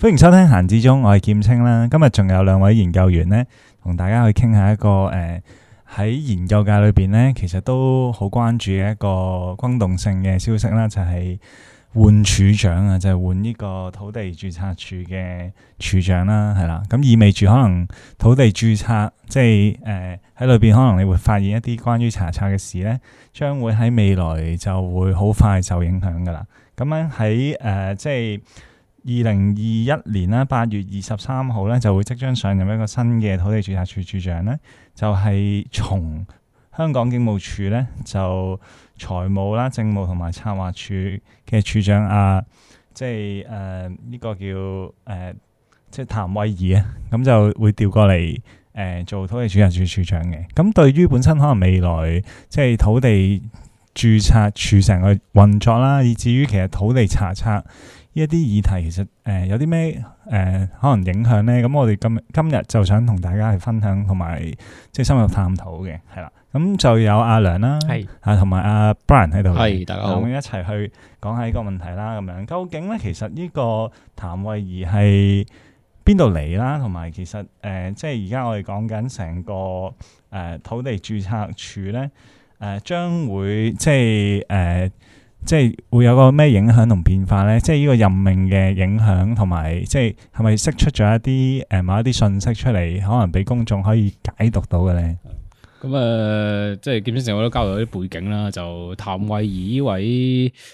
歡迎收聽閒置中，我係劍青啦。今日仲有兩位研究員呢，同大家去傾下一個誒喺、呃、研究界裏邊呢，其實都好關注嘅一個轟動性嘅消息啦，就係換處長啊，就係換呢個土地註冊處嘅處長啦，係啦。咁意味住可能土地註冊即係誒喺裏邊，可能你會發現一啲關於查冊嘅事呢，將會喺未來就會好快受影響噶啦。咁樣喺誒即係。二零二一年啦，八月二十三號咧就會即將上任一個新嘅土地註冊處處長咧，就係從香港警務處咧就財務啦、政務同埋策劃處嘅處長啊，即係誒呢個叫誒即係譚惠儀啊，咁就會調過嚟誒、呃、做土地註冊處處長嘅。咁對於本身可能未來即係、就是、土地註冊處成個運作啦，以至於其實土地查冊。呢一啲議題其實誒、呃、有啲咩誒可能影響咧？咁我哋今今日就想同大家去分享同埋即係深入探討嘅，係啦。咁、嗯、就有阿梁啦，係啊，同埋阿 Brian 喺度，係大家好，一齊去講下呢個問題啦。咁樣究竟咧，其實呢個譚惠儀係邊度嚟啦？同埋其實誒、呃，即係而家我哋講緊成個誒、呃、土地註冊處咧，誒、呃、將會即係誒。呃即係會有個咩影響同變化咧？即係呢個任命嘅影響，同埋即係係咪釋出咗一啲誒、呃、某一啲信息出嚟，可能俾公眾可以解讀到嘅咧？咁啊、嗯呃，即係基本上我都交代咗啲背景啦。就譚惠儀呢位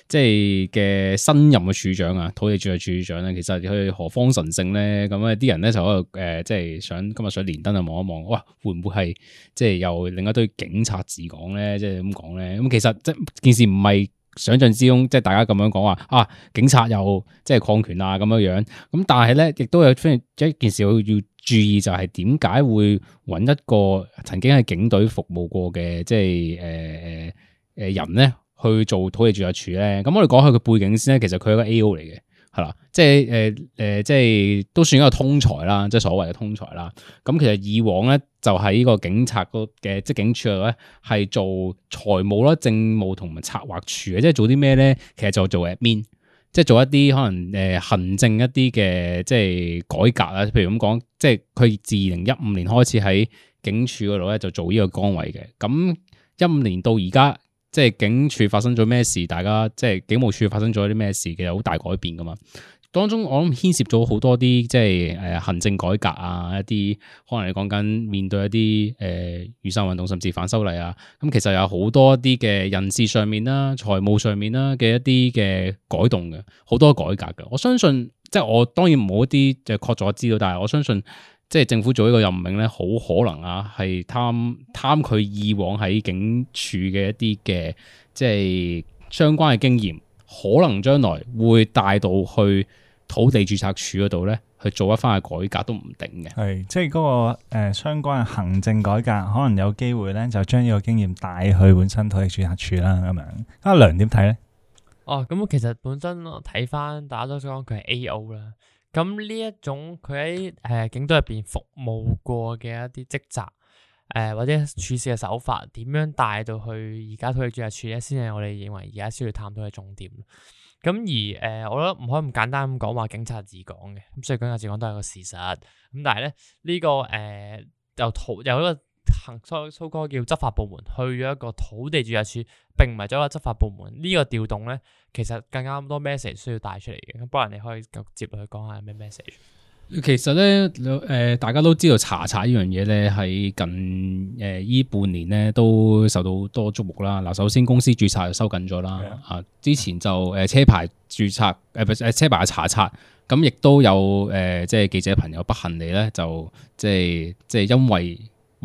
即係嘅新任嘅處長啊，土地註冊處嘅處長咧，其實佢何方神聖咧？咁啊，啲人咧就喺度誒，即係想今日想連登啊望一望，哇，會唔會係即係又另一堆警察治港咧？即係咁講咧？咁其實即件事唔係。想象之中，即係大家咁樣講話啊，警察又即係擴權啊咁樣樣，咁但係咧亦都有出一件事要要注意，就係點解會揾一個曾經喺警隊服務過嘅即係誒誒人咧去做土地註冊處咧？咁我哋講下佢背景先咧，其實佢係個 A.O. 嚟嘅。係啦、嗯，即係誒誒，即係都算一個通才啦，即係所謂嘅通才啦。咁其實以往咧，就喺個警察個嘅即警署度咧，係做財務啦、政務同埋策劃處嘅，即係做啲咩咧？其實就做 admin，即係做一啲可能誒行政一啲嘅即係改革啦。譬如咁講，即係佢自二零一五年開始喺警署嗰度咧就做呢個崗位嘅。咁一五年到而家。即係警署發生咗咩事，大家即係警務處發生咗啲咩事，其實好大改變噶嘛。當中我諗牽涉咗好多啲，即係誒、呃、行政改革啊，一啲可能你講緊面對一啲誒、呃、雨傘運動，甚至反修例啊。咁、嗯、其實有好多啲嘅人事上面啦、啊，財務上面啦嘅一啲嘅改動嘅，好多改革嘅。我相信即係我當然唔好一啲就確咗知道，但係我相信。即係政府做呢個任命咧，好可能啊，係貪貪佢以往喺警署嘅一啲嘅即係相關嘅經驗，可能將來會帶到去土地註冊處嗰度咧去做一番嘅改革都唔定嘅。係即係嗰、那個誒、呃、相關嘅行政改革，可能有機會咧就將呢個經驗帶去本身土地註冊處啦，咁樣阿梁點睇咧？哦，咁其實本身睇翻，大家都講佢係 AO 啦。咁呢一種佢喺誒警隊入邊服務過嘅一啲職責，誒、呃、或者處事嘅手法，點樣帶到去而家土地註冊處咧，先係我哋認為而家需要探討嘅重點。咁而誒、呃，我覺得唔可以咁簡單咁講話警察自講嘅，咁所以警察自講都係一個事實。咁但係咧，呢、這個誒又土又一個。行蘇哥叫執法部門去咗一個土地註冊處，並唔係只係執法部門。呢、這個調動咧，其實更加多 message 需要帶出嚟嘅。咁 Brian 你可以接落去講下咩 message？其實咧，誒、呃、大家都知道查冊呢樣嘢咧，喺近誒依、呃、半年咧都受到多注目啦。嗱，首先公司註冊就收緊咗啦。啊、嗯，之前就誒、呃、車牌註冊誒，唔、呃、車牌查冊咁，亦都有誒、呃，即係記者朋友不幸地咧，就即係即係因為。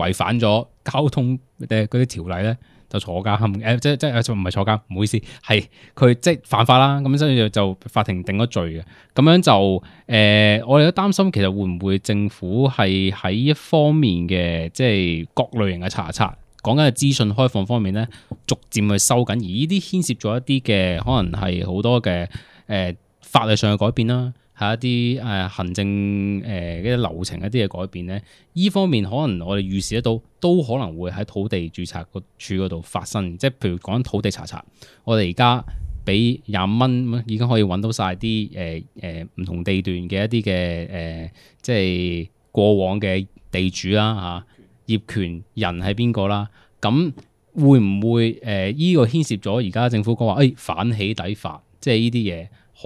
違反咗交通嘅啲條例咧，就坐監。誒、哎，即即誒，唔係坐監，唔好意思，係佢即係犯法啦。咁所以就法庭定咗罪嘅。咁樣就誒、呃，我哋都擔心，其實會唔會政府係喺一方面嘅，即係各類型嘅查冊，講緊嘅資訊開放方面咧，逐漸去收緊，而呢啲牽涉咗一啲嘅，可能係好多嘅誒、呃、法律上嘅改變啦。喺一啲誒，行政誒一啲流程一啲嘅改變咧，依方面可能我哋預視得到，都可能會喺土地註冊個處嗰度發生。即係譬如講土地查查，我哋而家俾廿蚊已經可以揾到晒啲誒誒唔同地段嘅一啲嘅誒，即係過往嘅地主啦嚇、啊，業權人係邊個啦？咁會唔會誒依個牽涉咗而家政府講話誒反起底法？即係呢啲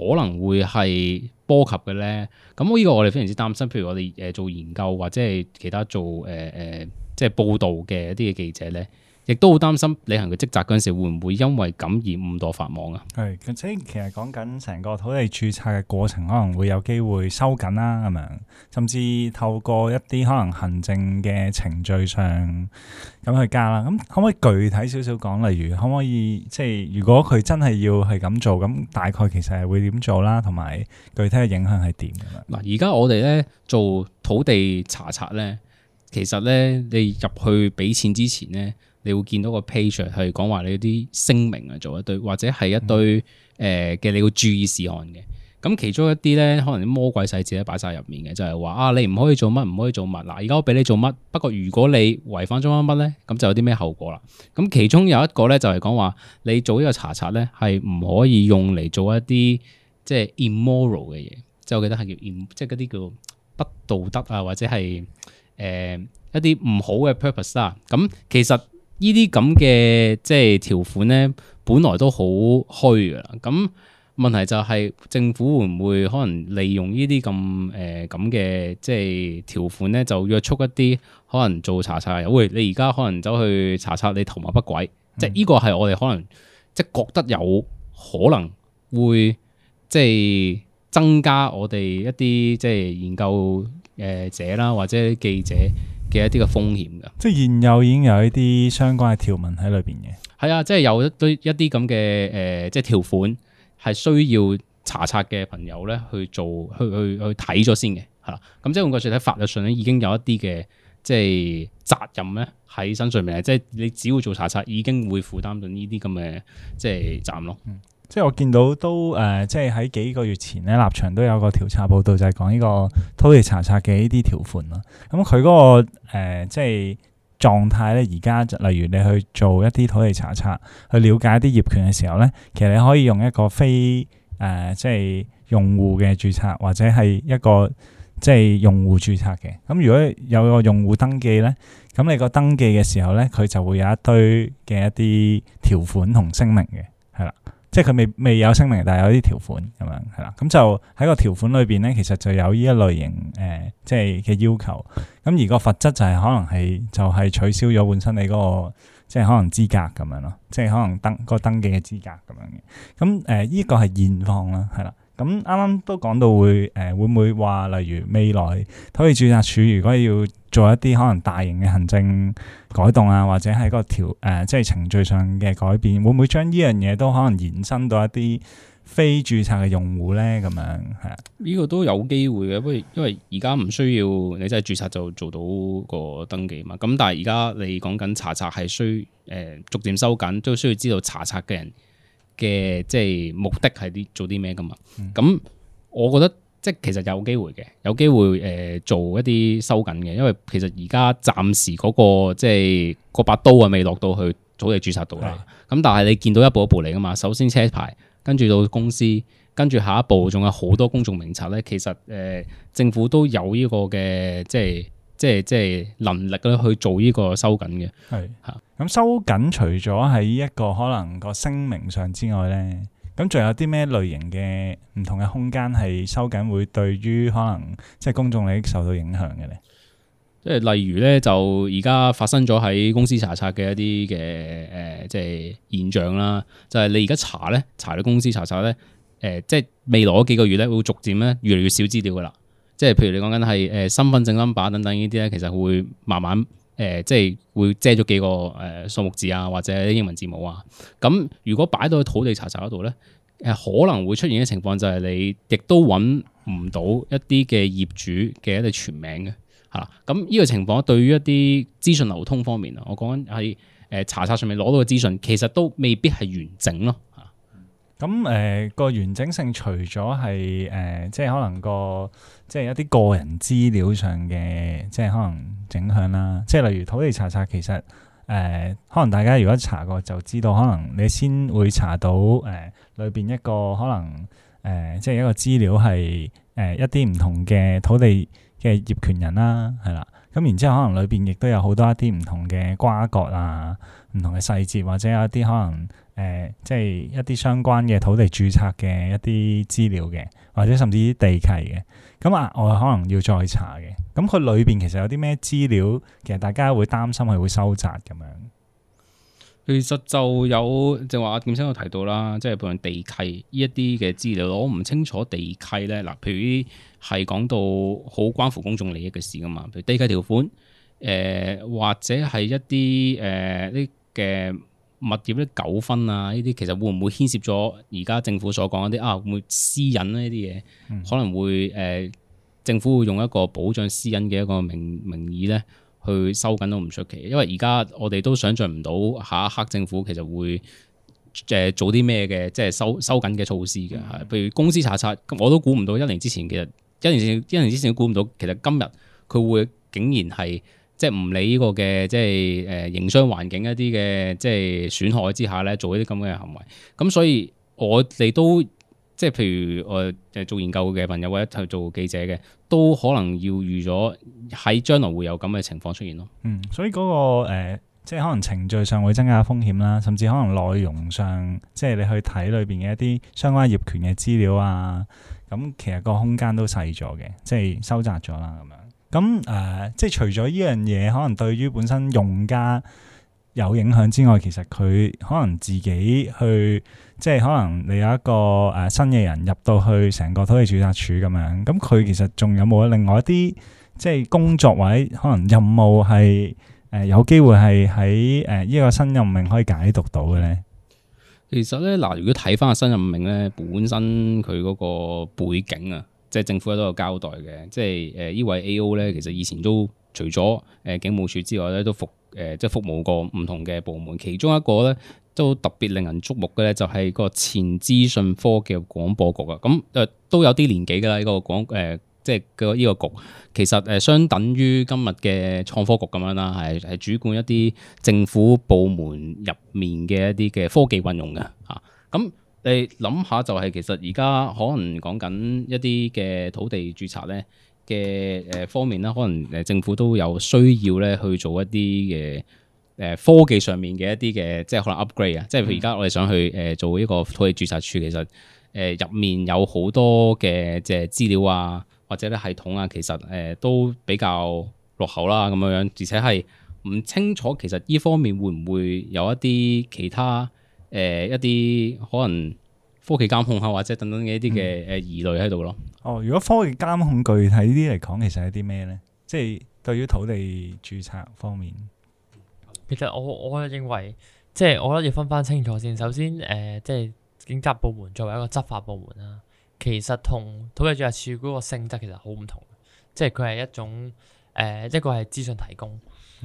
嘢可能會係。波及嘅咧，咁呢依個我哋非常之擔心。譬如我哋誒做研究或者係其他做誒誒、呃呃、即係報道嘅一啲嘅記者咧。亦都好擔心履行嘅職責嗰陣時，會唔會因為咁而誤墮法網啊？係，即係其實講緊成個土地註冊嘅過程，可能會有機會收緊啦，咁樣，甚至透過一啲可能行政嘅程序上咁去加啦。咁、嗯、可唔可以具體少少講？例如，可唔可以即係如果佢真係要係咁做，咁大概其實係會點做啦？同埋具體嘅影響係點樣？嗱，而家我哋咧做土地查冊咧，其實咧你入去俾錢之前咧。你會見到個 page 係講話你啲聲明啊，做一對或者係一對誒嘅你要注意事項嘅。咁其中一啲咧，可能啲魔鬼細節咧擺晒入面嘅，就係話啊，你唔可以做乜，唔可以做乜。嗱，而家我俾你做乜，不過如果你違反咗乜乜咧，咁就有啲咩後果啦。咁其中有一個咧，就係講話你做呢個查冊咧，係唔可以用嚟做一啲即係 immoral 嘅嘢，即係我記得係叫即係嗰啲叫不道德啊，或者係誒一啲唔好嘅 purpose 啦。咁其實。這這呢啲咁嘅即係條款咧，本來都好虛嘅啦。咁問題就係政府會唔會可能利用這這、呃、呢啲咁誒咁嘅即係條款咧，就約束一啲可能做查冊嘅？喂，你而家可能走去查冊你圖謀不軌。即係呢個係我哋可能即係覺得有可能會即係增加我哋一啲即係研究誒者啦，或者記者。嘅一啲嘅風險嘅，即係現有已經有一啲相關嘅條文喺裏邊嘅。係啊，即係有一堆一啲咁嘅誒，即係條款係需要查冊嘅朋友咧，去做去去去睇咗先嘅，嚇，咁即係換句説，喺法律上咧已經有一啲嘅即係責任咧喺身上面，即係你只要做查冊，已經會負擔到呢啲咁嘅即係責任咯。嗯即係我見到都誒、呃，即係喺幾個月前咧，立場都有個調查報道，就係講呢個土地查冊嘅、嗯，那個呃、呢啲條款咯。咁佢嗰個即係狀態咧，而家例如你去做一啲土地查冊，去了解一啲業權嘅時候咧，其實你可以用一個非誒、呃、即係用戶嘅註冊，或者係一個即係用戶註冊嘅。咁、嗯、如果有個用戶登記咧，咁你個登記嘅時候咧，佢就會有一堆嘅一啲條款同聲明嘅，係啦。即係佢未未有聲明，但係有啲條款咁樣，係啦，咁就喺個條款裏邊咧，其實就有呢一類型誒、呃，即係嘅要求。咁而個罰則就係可能係就係、是、取消咗本身你、那、嗰個，即係可能資格咁樣咯，即係可能登、那個登記嘅資格咁樣嘅。咁誒，依、呃這個係現況啦，係啦。咁啱啱都講到會誒、呃，會唔會話例如未來土地註冊處如果要做一啲可能大型嘅行政改動啊，或者喺個條誒即係程序上嘅改變，會唔會將呢樣嘢都可能延伸到一啲非註冊嘅用戶咧？咁樣係啊，呢個都有機會嘅，不過因為而家唔需要你真係註冊就做到個登記嘛。咁但係而家你講緊查冊係需誒、呃、逐漸收緊，都需要知道查冊嘅人。嘅即係目的係啲做啲咩㗎嘛？咁、嗯、我覺得即係其實有機會嘅，有機會誒、呃、做一啲收緊嘅，因為其實而家暫時嗰、那個即係嗰把刀啊未落到去，早就註冊到啦。咁的但係你見到一步一步嚟㗎嘛？首先車牌，跟住到公司，跟住下一步仲有好多公眾名冊咧。其實誒、呃、政府都有呢個嘅即係。即係即係能力去做呢個收緊嘅。係吓，咁收緊除咗喺一個可能個聲明上之外呢，咁仲有啲咩類型嘅唔同嘅空間係收緊會對於可能即係公眾利益受到影響嘅呢？即係例如呢，就而家發生咗喺公司查冊嘅一啲嘅誒，即係現象啦。就係、是、你而家查呢，查到公司查冊呢，誒、呃，即係未來嗰幾個月呢，會逐漸呢，越嚟越少資料噶啦。即係譬如你講緊係誒身份證 number 等等呢啲咧，其實會慢慢誒、呃、即係會遮咗幾個誒、呃、數目字啊，或者英文字母啊。咁如果擺到土地查冊嗰度咧，誒、呃、可能會出現嘅情況就係你亦都揾唔到一啲嘅業主嘅一啲全名嘅嚇。咁呢個情況對於一啲資訊流通方面啊，我講緊喺誒查冊上面攞到嘅資訊，其實都未必係完整咯。咁誒、呃、個完整性除，除咗係誒，即係可能個即係一啲個人資料上嘅，即係可能整向啦。即係例如土地查冊。其實誒、呃，可能大家如果查過就知道，可能你先會查到誒裏邊一個可能誒、呃，即係一個資料係誒、呃、一啲唔同嘅土地嘅業權人啦，係啦。咁然之後可能裏邊亦都有好多一啲唔同嘅瓜葛啊，唔同嘅細節，或者有一啲可能。誒、呃，即係一啲相關嘅土地註冊嘅一啲資料嘅，或者甚至地契嘅，咁、嗯、啊，我可能要再查嘅。咁佢裏邊其實有啲咩資料，其實大家會擔心佢會收窄咁樣。其實就有，就話點先我提到啦，即係譬如地契呢一啲嘅資料，我唔清楚地契咧。嗱，譬如係講到好關乎公眾利益嘅事㗎嘛，譬如地契條款，誒、呃、或者係一啲誒呢嘅。呃物業啲糾紛啊，呢啲其實會唔會牽涉咗而家政府所講嗰啲啊，會,會私隱呢啲嘢，嗯、可能會誒、呃、政府會用一個保障私隱嘅一個名名義咧，去收緊都唔出奇。因為而家我哋都想象唔到下一刻政府其實會誒、呃、做啲咩嘅，即係收收緊嘅措施嘅，係、嗯、譬如公司查冊，我都估唔到一年之前其實一年前一年之前估唔到，其實今日佢會竟然係。即係唔理呢個嘅即係誒營商環境一啲嘅即係損害之下咧，做一啲咁嘅行為，咁所以我哋都即係譬如我誒做研究嘅朋友或者去做記者嘅，都可能要預咗喺將來會有咁嘅情況出現咯。嗯，所以嗰、那個誒、呃、即係可能程序上會增加風險啦，甚至可能內容上即係你去睇裏邊嘅一啲相關業權嘅資料啊，咁其實個空間都細咗嘅，即係收窄咗啦咁樣。咁誒，即係除咗呢樣嘢，可能對於本身用家有影響之外，其實佢可能自己去，即係可能你有一個誒新嘅人入到去成個土地注冊處咁樣，咁佢其實仲有冇另外一啲即係工作位，可能任務係誒有機會係喺誒呢個新任命可以解讀到嘅咧。其實咧嗱，如果睇翻個新任命咧，本身佢嗰個背景啊。即係政府都有交代嘅，即係誒呢位 A.O. 咧，其實以前都除咗誒警務處之外咧，都服誒即係服務過唔同嘅部門，其中一個咧都特別令人矚目嘅咧，就係個前資訊科技廣播局啊，咁誒都有啲年紀噶啦，呢個廣誒即係呢個局，其實誒相等於今日嘅創科局咁樣啦，係係主管一啲政府部門入面嘅一啲嘅科技運用嘅啊，咁、嗯。你諗下，就係其實而家可能講緊一啲嘅土地註冊咧嘅誒方面啦，可能誒政府都有需要咧去做一啲嘅誒科技上面嘅一啲嘅，即係可能 upgrade 啊，即係譬如而家我哋想去誒做一個土地註冊處，其實誒入面有好多嘅即係資料啊，或者啲系統啊，其實誒都比較落後啦，咁樣樣，而且係唔清楚其實呢方面會唔會有一啲其他？誒、呃、一啲可能科技監控啊，或者等等嘅一啲嘅誒疑慮喺度咯。哦，如果科技監控具體呢啲嚟講，其實係啲咩咧？即係對於土地註冊方面，其實我我認為，即係我覺得要分返清楚先。首先，誒、呃、即係警察部門作為一個執法部門啦，其實同土地註冊處嗰個性質其實好唔同。即係佢係一種誒、呃、一個係資訊提供。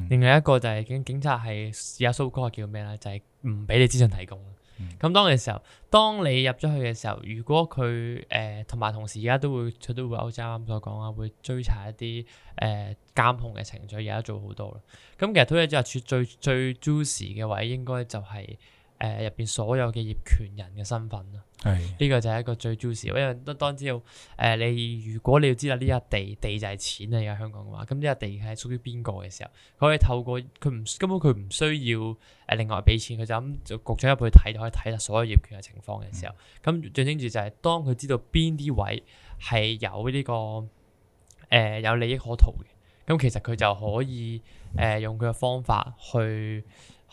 另外一個就係警警察係而家 so call 叫咩咧？就係唔俾你資訊提供咁、嗯、當嘅時候，當你入咗去嘅時候，如果佢誒同埋同時而家都會佢都會好似啱啱所講啦，會追查一啲誒、呃、監控嘅程序而家做好多啦。咁其實推理之後最最最 juicy 嘅位應該就係誒入邊所有嘅業權人嘅身份啦。係呢、嗯、個就係一個最 juicy 因為當當知道誒、呃、你如果你要知道呢一地地就係錢啊！而家香港嘅話，咁呢一地係屬於邊個嘅時候，佢可以透過佢唔根本佢唔需要誒另外俾錢，佢就咁就局長入去睇就可以睇晒所有業權嘅情況嘅時候，咁最精緻就係當佢知道邊啲位係有呢、這個誒、呃、有利益可圖嘅，咁其實佢就可以誒、呃、用佢嘅方法去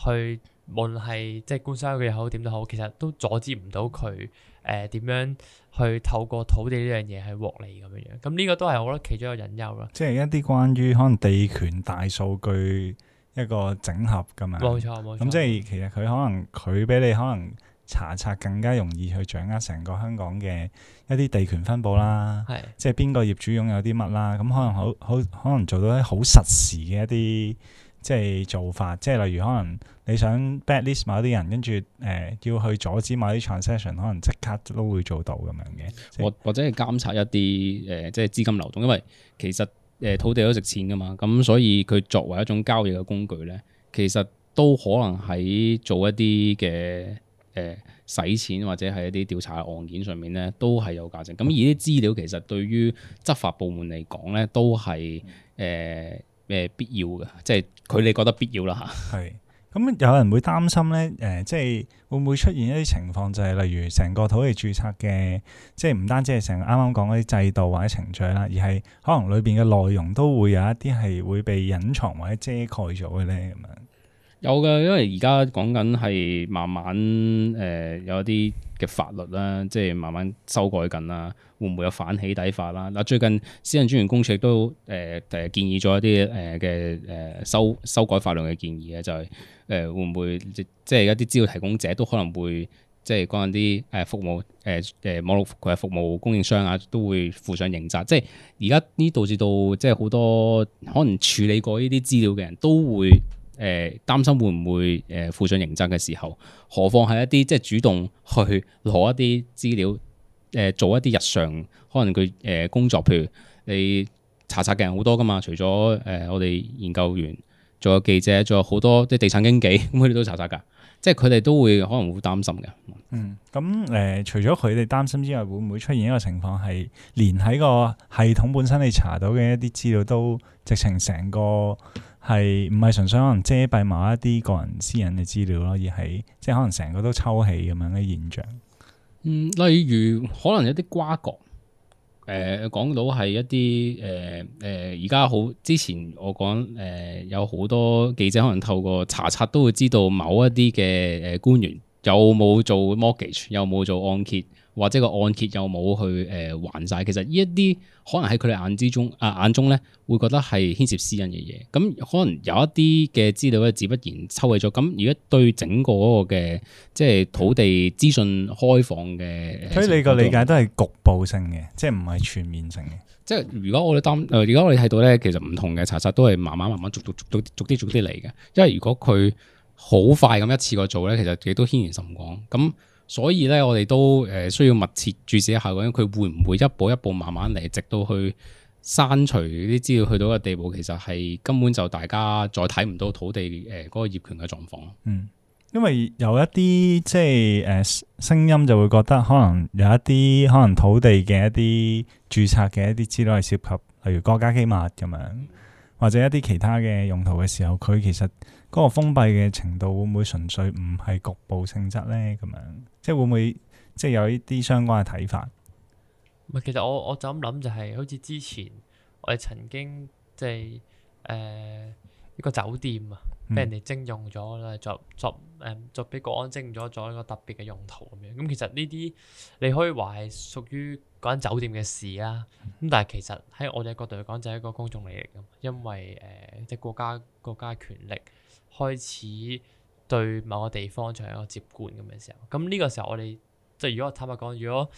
去。無論係即係官商勾結又好點都好，其實都阻止唔到佢誒點樣去透過土地呢樣嘢去獲利咁樣樣。咁、嗯、呢、這個都係我覺得其中一個隱憂啦。即係一啲關於可能地權大數據一個整合咁啊，冇錯冇錯。咁即係其實佢可能佢俾你可能查冊更加容易去掌握成個香港嘅一啲地權分佈啦，係、嗯、即係邊個業主擁有啲乜啦。咁可能好好可能做到啲好實時嘅一啲。即係做法，即係例如可能你想 bad list 某啲人，跟住誒要去阻止某啲 transaction，可能即刻都會做到咁樣嘅，或或者係監察一啲誒、呃，即係資金流動，因為其實誒、呃、土地都值錢㗎嘛，咁所以佢作為一種交易嘅工具咧，其實都可能喺做一啲嘅誒洗錢或者係一啲調查案件上面咧，都係有價值。咁而啲資料其實對於執法部門嚟講咧，都係誒。嗯呃咩必要嘅？即係佢哋覺得必要啦吓。係咁，有人會擔心咧？誒、呃，即係會唔會出現一啲情況，就係、是、例如成個土地註冊嘅，即係唔單止係成日啱啱講嗰啲制度或者程序啦，而係可能裏邊嘅內容都會有一啲係會被隱藏或者遮蓋咗嘅咧咁樣。有嘅，因為而家講緊係慢慢誒、呃、有一啲。嘅法律啦，即係慢慢修改緊啦，會唔會有反起底法啦？嗱，最近私隱專員公署亦都誒誒、呃呃、建議咗一啲誒嘅誒修修改法律嘅建議嘅，就係、是、誒、呃、會唔會即係一啲資料提供者都可能會即係講緊啲誒服務誒誒網絡佢嘅服務供應商啊，都會負上刑責，即係而家呢導致到即係好多可能處理過呢啲資料嘅人都會。誒、呃、擔心會唔會誒負、呃、上刑責嘅時候，何況係一啲即係主動去攞一啲資料，誒、呃、做一啲日常，可能佢誒、呃、工作，譬如你查冊嘅人好多㗎嘛，除咗誒、呃、我哋研究員，仲有記者，仲有好多即係地產經紀，咁佢哋都查冊㗎，即係佢哋都會可能會擔心嘅。嗯，咁誒、呃、除咗佢哋擔心之外，會唔會出現一個情況係連喺個系統本身你查到嘅一啲資料都直情成個？係唔係純粹可能遮蔽某一啲個人私隱嘅資料咯？而係即係可能成個都抽起咁樣嘅現象。嗯，例如可能一啲瓜葛，誒、呃、講到係一啲誒誒而家好之前我講誒、呃、有好多記者可能透過查冊都會知道某一啲嘅誒官員有冇做 mortgage 有冇做按揭。或者個按揭又冇去誒還晒。其實呢一啲可能喺佢哋眼之中啊，眼中咧，會覺得係牽涉私隱嘅嘢，咁可能有一啲嘅資料咧，自不然抽起咗。咁而家對整個嗰個嘅即係土地資訊開放嘅，所以你個理解都係局部性嘅，即係唔係全面性嘅。即係如果我哋擔，如果我哋睇到咧，其實唔同嘅查冊都係慢慢慢慢逐逐逐啲逐啲嚟嘅。因為如果佢好快咁一次過做咧，其實亦都牽連甚廣。咁所以咧，我哋都誒需要密切注視一下嗰樣，佢會唔會一步一步慢慢嚟，直到去刪除啲資料去到一個地步，其實係根本就大家再睇唔到土地誒嗰個業權嘅狀況咯。嗯，因為有一啲即係誒、呃、聲音就會覺得，可能有一啲可能土地嘅一啲註冊嘅一啲資料係涉及，例如國家機密咁樣，或者一啲其他嘅用途嘅時候，佢其實。嗰個封閉嘅程度會唔會純粹唔係局部性質咧？咁樣即係會唔會即係有呢啲相關嘅睇法？咪其實我我就咁諗就係、是、好似之前我哋曾經即係誒、呃、一個酒店啊，俾人哋徵用咗啦、嗯，作作誒、嗯、作俾國安徵用咗作一個特別嘅用途咁樣。咁其實呢啲你可以話係屬於嗰間酒店嘅事啦。咁、嗯、但係其實喺我哋嘅角度嚟講，就係一個公眾利益咁，因為誒、呃、即係國家國家權力。開始對某個地方進行一個接管咁嘅時候，咁呢個時候我哋即係如果坦白講，如果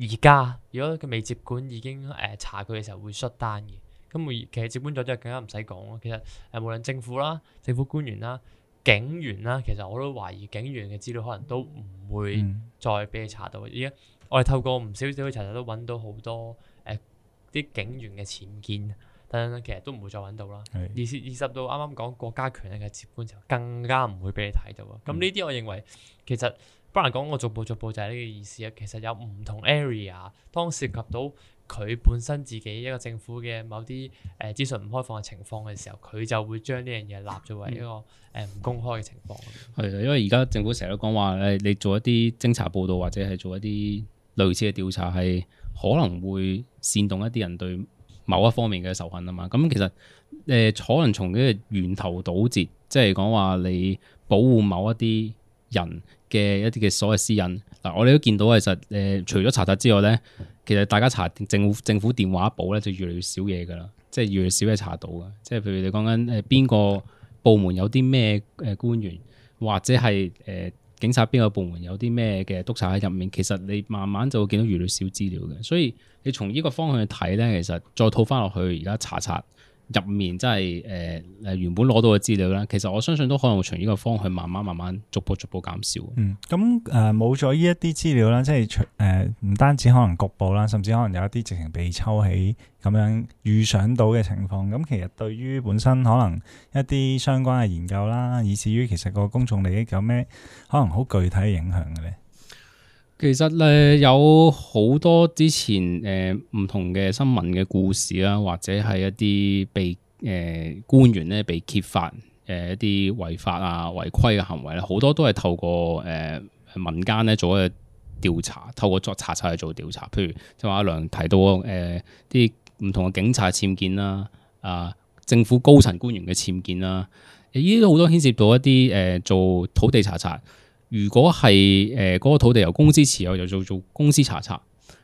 而家如果佢未接管已經誒、呃、查佢嘅時候會甩單嘅，咁而其實接管咗之後更加唔使講咯。其實、呃、無論政府啦、政府官員啦、警員啦，其實我都懷疑警員嘅資料可能都唔會再俾你查到。而家、嗯、我哋透過唔少少查查都揾到好多誒啲、呃、警員嘅潛見。等等，其實都唔會再揾到啦。二十二十度，啱啱講國家權力嘅接管就更加唔會俾你睇到啊！咁呢啲，我認為其實不難講，我逐步逐步就係呢個意思啊。其實有唔同 area，當涉及到佢本身自己一個政府嘅某啲誒、呃、資訊唔開放嘅情況嘅時候，佢就會將呢樣嘢立咗為一個誒唔、嗯呃、公開嘅情況。係啊，因為而家政府成日都講話誒，你做一啲偵查報道或者係做一啲類似嘅調查，係可能會煽動一啲人對某一方面嘅仇恨啊嘛，咁其實誒、呃、可能從呢個源頭堵截，即係講話你保護某一啲人嘅一啲嘅所謂私隱。嗱、呃，我哋都見到其實誒、呃、除咗查冊之外咧，其實大家查政府政府電話簿咧就越嚟越少嘢噶啦，即係越嚟越少嘢查到嘅，即係譬如你講緊誒邊個部門有啲咩誒官員或者係誒。呃警察邊個部門有啲咩嘅督察喺入面，其實你慢慢就會見到越嚟越少資料嘅，所以你從呢個方向去睇咧，其實再套翻落去而家查查入面即係誒誒原本攞到嘅資料咧，其實我相信都可能會從呢個方向慢慢慢慢逐步逐步減少。嗯，咁誒冇咗呢一啲資料啦，即係除誒唔單止可能局部啦，甚至可能有一啲直情被抽起咁樣預想到嘅情況。咁、嗯、其實對於本身可能一啲相關嘅研究啦，以至於其實個公眾利益有咩可能好具體嘅影響嘅咧？其實咧有好多之前誒唔同嘅新聞嘅故事啦，或者係一啲被誒、呃、官員咧被揭發誒一啲違法啊違規嘅行為咧，好多都係透過誒、呃、民間咧做一個調查，透過作查冊去做調查。譬如就話阿涼提到誒啲唔同嘅警察僭建啦，啊政府高層官員嘅僭建啦，呢啲都好多牽涉到一啲誒、呃、做土地查冊。如果係誒嗰個土地由公司持有，就做做公司查冊，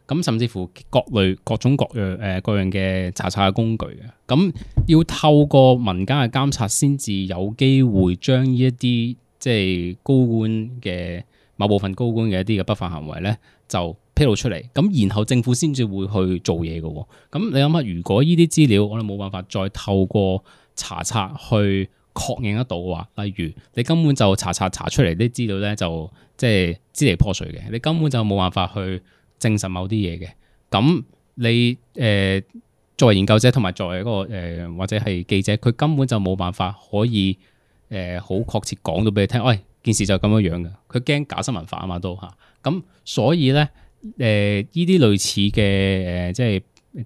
咁甚至乎各類各種各樣誒各樣嘅查冊嘅工具嘅，咁要透過民間嘅監察先至有機會將呢一啲即係高官嘅某部分高官嘅一啲嘅不法行為咧就披露出嚟，咁然後政府先至會去做嘢嘅喎。咁你諗下，如果呢啲資料我哋冇辦法再透過查冊去確認得到嘅話，例如你根本就查查查出嚟，啲資料咧就即係支離破碎嘅，你根本就冇辦法去證實某啲嘢嘅。咁你誒、呃、作為研究者同埋作為嗰、那個、呃、或者係記者，佢根本就冇辦法可以誒好、呃、確切講到俾你聽。喂、哎，件事就咁樣樣嘅，佢驚假新聞法啊嘛都嚇。咁所以咧誒依啲類似嘅誒、呃、即係。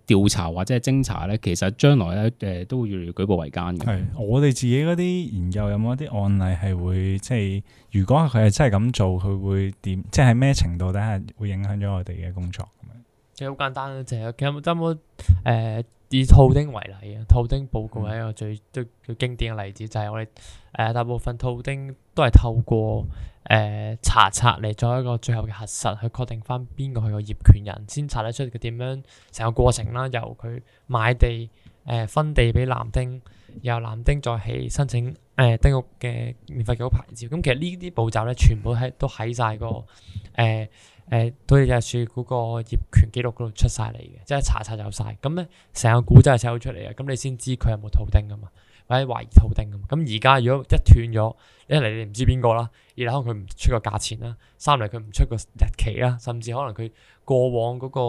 調查或者係偵查咧，其實將來咧誒都會越嚟越舉步維艱嘅。係我哋自己嗰啲研究有冇一啲案例係會即係？如果佢係真係咁做，佢會點？即係咩程度底下會影響咗我哋嘅工作咁樣？其實好簡單就係其實有冇誒、呃、以套丁為例啊，套丁報告係一個最最最經典嘅例子，就係、是、我哋誒、呃、大部分套丁都係透過。嗯誒、呃、查冊嚟作一個最後嘅核實，去確定翻邊個佢個業權人，先查得出佢點樣成個過程啦。由佢買地，誒、呃、分地俾男丁，由男丁再起申請誒、呃、丁屋嘅免費嘅牌照。咁、嗯、其實驟呢啲步驟咧，全部喺都喺晒個誒誒，對住就算嗰個業權記錄嗰度出晒嚟嘅，即係查冊就晒。咁咧成個古仔真係寫到出嚟嘅，咁、嗯、你先知佢有冇土丁㗎嘛？誒懷疑套定咁。咁而家如果一斷咗，一嚟你唔知邊個啦；二嚟可能佢唔出個價錢啦；三嚟佢唔出個日期啦，甚至可能佢過往嗰個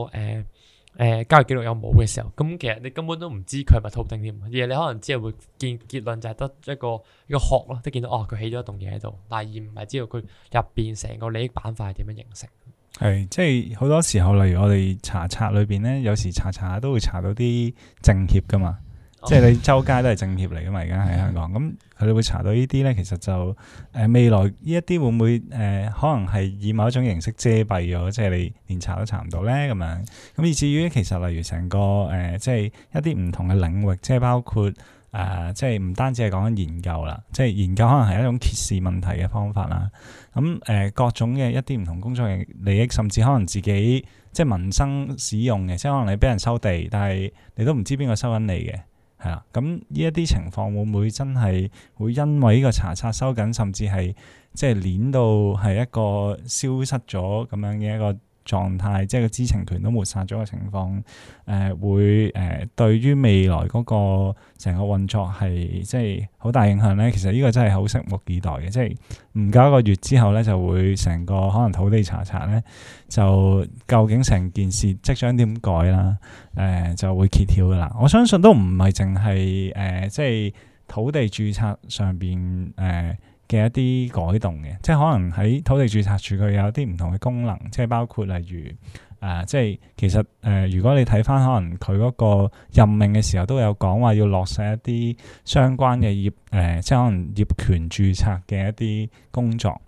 誒交易記錄有冇嘅時候，咁其實你根本都唔知佢係咪套定添，而你可能只係會見結論就係得一個一個殼咯，即係見到哦佢起咗一棟嘢喺度，但嗱而唔係知道佢入邊成個利益板塊係點樣形成。係，即係好多時候，例如我哋查冊裏邊咧，有時查冊都會查到啲政協噶嘛。即係你周街都係政協嚟㗎嘛？而家喺香港，咁佢哋會查到呢啲呢，其實就誒、呃、未來呢一啲會唔會誒、呃、可能係以某一種形式遮蔽咗，即係你連查都查唔到呢？咁樣。咁以至於其實例如成個誒、呃，即係一啲唔同嘅領域，即係包括誒、呃，即係唔單止係講緊研究啦，即係研究可能係一種揭示問題嘅方法啦。咁、嗯、誒、呃、各種嘅一啲唔同工作嘅利益，甚至可能自己即係民生使用嘅，即係可能你俾人收地，但係你都唔知邊個收緊你嘅。係啊，咁呢一啲情況會唔會真係會因為呢個查冊收緊，甚至係即係攣到係一個消失咗咁樣嘅一個狀態即係個知情權都抹殺咗嘅情況，誒、呃、會誒、呃、對於未來嗰個成個運作係即係好大影響咧。其實呢個真係好拭目以待嘅，即係唔夠一個月之後咧，就會成個可能土地查查咧，就究竟成件事即將點改啦？誒、呃、就會揭曉噶啦。我相信都唔係淨係誒，即係土地註冊上邊誒。呃嘅一啲改動嘅，即係可能喺土地註冊處佢有啲唔同嘅功能，即係包括例如誒、啊、即係其實誒、呃、如果你睇翻可能佢嗰個任命嘅時候都有講話要落實一啲相關嘅業誒、呃、即係可能業權註冊嘅一啲工作。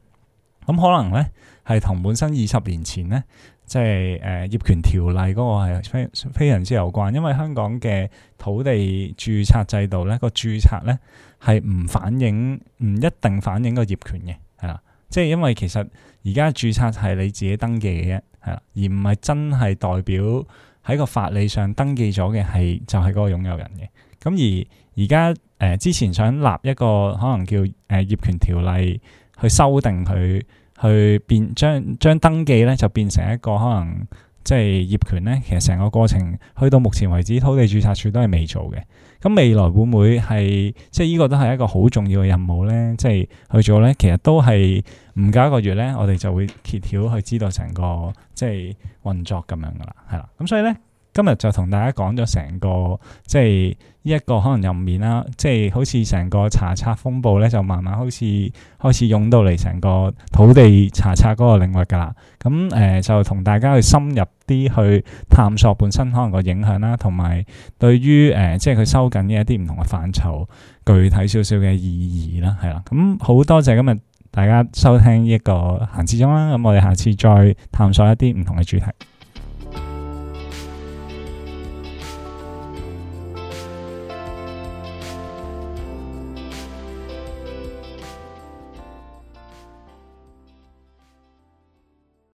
咁、嗯、可能咧，係同本身二十年前咧，即係誒業權條例嗰個係非非常之有關，因為香港嘅土地註冊制度咧，個註冊咧係唔反映，唔一定反映個業權嘅，係啦，即係因為其實而家註冊係你自己登記嘅啫，係啦，而唔係真係代表喺個法理上登記咗嘅係就係嗰個擁有人嘅。咁、嗯、而而家誒之前想立一個可能叫誒、呃、業權條例。去修定佢，去變，將將將登記咧就變成一個可能，即係業權咧。其實成個過程，去到目前為止，土地註冊處都係未做嘅。咁未來會唔會係即係呢個都係一個好重要嘅任務咧？即係去做咧，其實都係唔夠一個月咧，我哋就會揭曉去知道成個即係運作咁樣噶啦，係啦。咁所以咧。今日就同大家講咗成個即係呢一個可能入面啦，即係好似成個查冊風暴咧，就慢慢好似開始湧到嚟成個土地查冊嗰個領域噶啦。咁、嗯、誒、呃、就同大家去深入啲去探索本身可能個影響啦，於呃、同埋對於誒即係佢收緊嘅一啲唔同嘅範疇，具體少少嘅意義啦，係啦。咁、嗯、好多謝今日大家收聽呢一個行之中啦。咁、嗯、我哋下次再探索一啲唔同嘅主題。